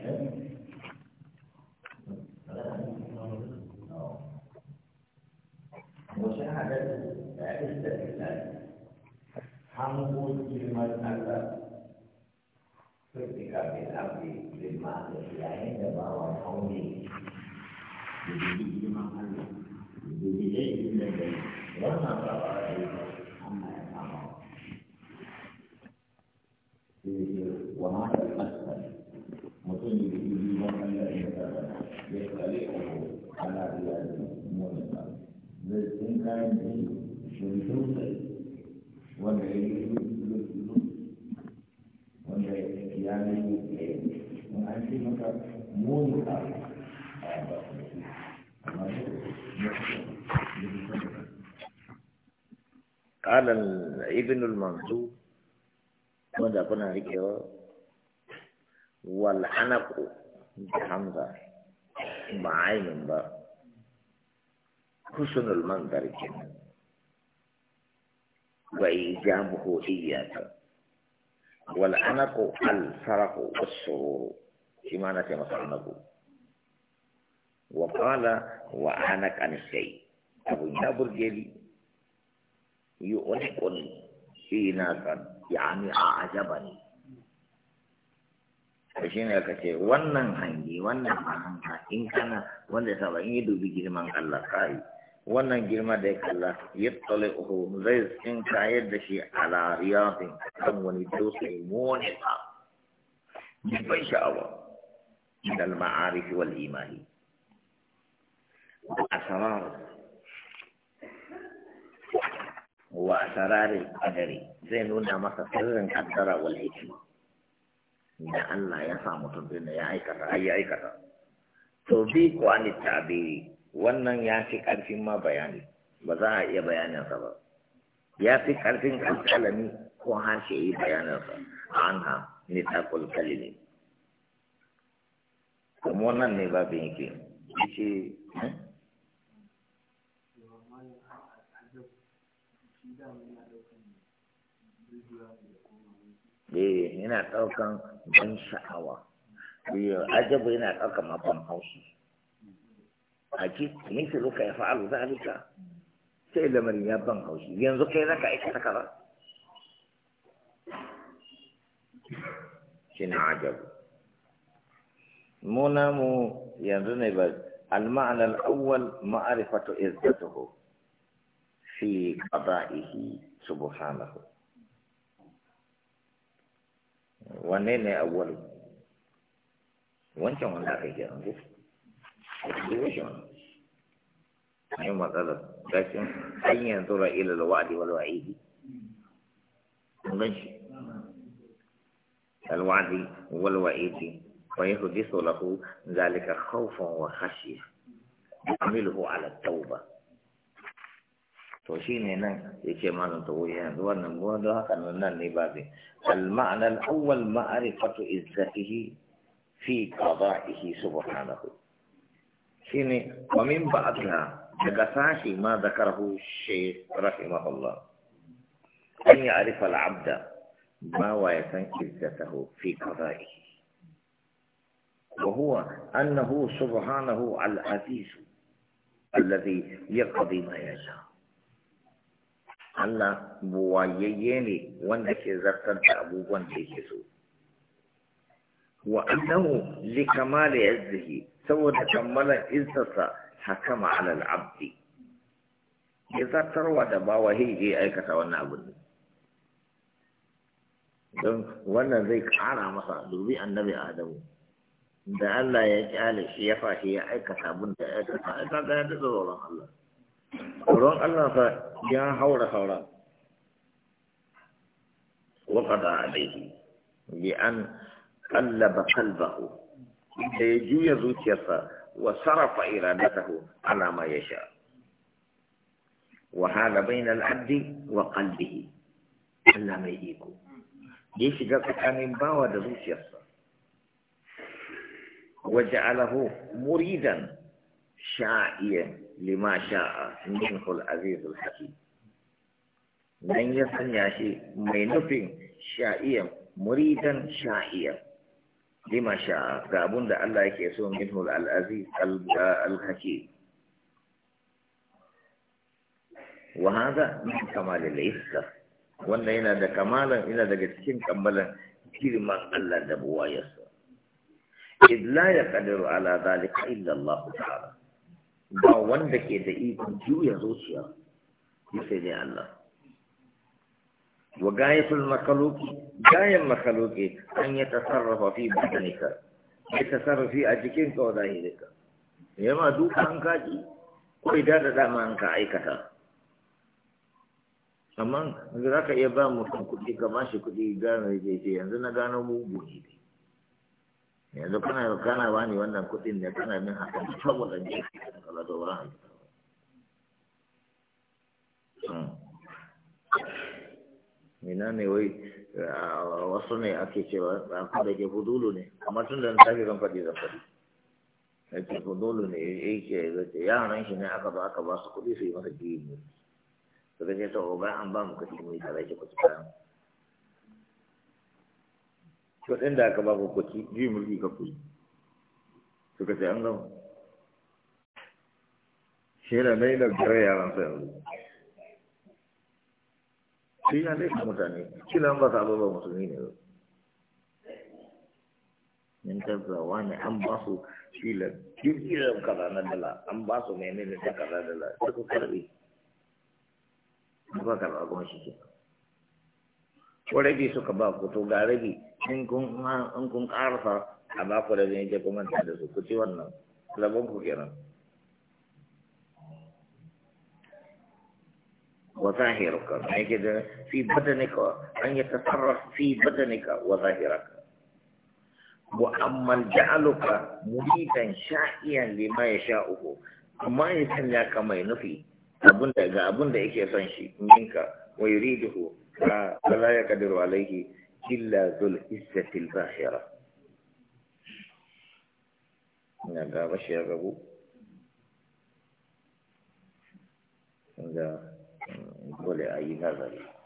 وشهادة الاستدلال حمل كلمة أكثر ketika kita lima lain ke bawah kaumi jadi lima kali jadi ini dan dan lama kalau الثاني شذوذ والعلم لذوذ والعلم يعني وأنتمك قال ابن المنصور ماذا كنا ركوا والحنق بحمزة بعين بقى husnul manzar kenan wa ijabuhu iyyaka wal anaku al farahu was surur shi ma na ce masa anaku wa qala wa anak an shay abu ya burgeli yu'liquni hina kan yani a ajabani to shi ne ka ce wannan hangi wannan mahanga in kana wanda ya saba in yi dubi girman Allah kai wannan girma da ya kalla ya tsale uhu zai kayar da shi a lariyafin kan wani dutse mone ba mai bai sha'awa dal ma'arifi wal imani a sarar wa sararin kadari zai nuna masa sirrin kaddara wal hikima da Allah ya sa mutum din ya aikata ai ya aikata to bi ko tabiri wannan ya fi ƙarfin ma bayani ba za a iya bayaninsa ba ya fi ƙarfin alƙalami ko harshe yi bayaninsa a an ha ta takul ne kuma wannan ne ba bin yake ce hmm? Eh, yana ɗaukan ban sha'awa. Eh, ajabu yana ɗaukan mafan haushi. ake mithilu ka yaf'alu dhalika sai lamar ya ban haushi yanzu kai zaka aika ta kaza kina ajab muna mu yanzu ne ba al-ma'na al-awwal ma'rifatu izzatuhu fi qada'ihi subhanahu wanne ne awwal wancan wanda kai jira division أي مثلا لكن أن ينظر إلى الوعد والوعيد ماشي الوعد والوعيد فيحدث له ذلك خوفا وخشية يعمله على التوبة وشين هنا يكي معنى طويها دوانا موادا كان النبادي المعنى الأول معرفة إزائه في قضائه سبحانه shine wa min ba'dha daga sashi ma zakarahu shaykh rahimahullah an ya'rifa al-'abda ma wa yasan izzatahu fi qada'ihi وهو أنه سبحانه العزيز الذي يقضي ما يشاء Allah buwayayye ne wanda ke zartar da abubuwan da yake so. wa annahu li kamal izzihi saboda kammalan izzarsa haka ala abdi ya zartarwa da ba bawa hiji aikata wannan abu don wannan zai kara masa dubi annabi adamu da Allah ya kyale shi ya fashi ya aikata abin da ya aikata aikata da ya daɗa tsoron Allah tsoron Allah fa ya haura haura وقضى عليه بأن قلب قلبه يجوي زوجيسا وصرف إرادته على ما يشاء وهذا بين العبد وقلبه ألا ما يجيكو ليش قلت أن باوى زوجيسا وجعله مريدا شائيا لما شاء منه العزيز الحكيم من يسن ياشي من ينفي شائيا مريدا شائيا lima sha ga abun da Allah yake so minhu al-aziz al-hakim wa min kamal al wannan yana da kamalan yana daga cikin kammalan girman Allah da buwayarsa id la yaqdiru ala zalika illa Allah ta'ala ba wanda ke da ikon juya zuciya sai dai Allah وغاية المخلوق غاية المخلوق أن يتصرف في بدنك يتصرف في أجكينك وظاهرك يما دوك أنك كوي دادا دا ما أنك أيكتا أما za يبا iya ba كماشي kuɗi غانا يجي shi kuɗi غانا موبوني ce yanzu na gano mugu kana kana ba wannan kuɗin ne kana min haka saboda ne ka da wani mina ne wai ah, wasu ne ake cewa ba da ke fudulu ne amma tun da na tafi zan faɗi zan faɗi na ce fudulu ne ya eh, ke zace yaran shi ne aka ba aka ba su kuɗi su yi masa jiyi ne su ga ce ta o oh, bayan an ba mu kuɗi mu yi tare ki kuɗi kayan kuɗin da aka ba ku kuɗi jiyi mulki ka kuɗi su ka ce an gama shi ne na yi da gara yaran sa yanzu shi ya laifin mutane kila ba sa ba musulmi ne ba min tabbawa ne an ba su kila kirkirar kaza na dala an ba su mai ne ta kaza dala ta ku karbe ba karba kuma shi ke ko rabi suka ba ku to ga rabi in kun karfa a ba ku rabi ne ke kuma da su ku ci wannan labon ku kenan وظاهرك يعني كده في بدنك أن يتصرف في بدنك وظاهرك وأما جعلك مريدا شائيا لما يشاءه أما يسمى كما ينفي أبن دعا أبن دعا يكي منك ويريده فلا يقدر عليه إلا ذو العزة الباهرة نعم بشير أبو نعم dole a yi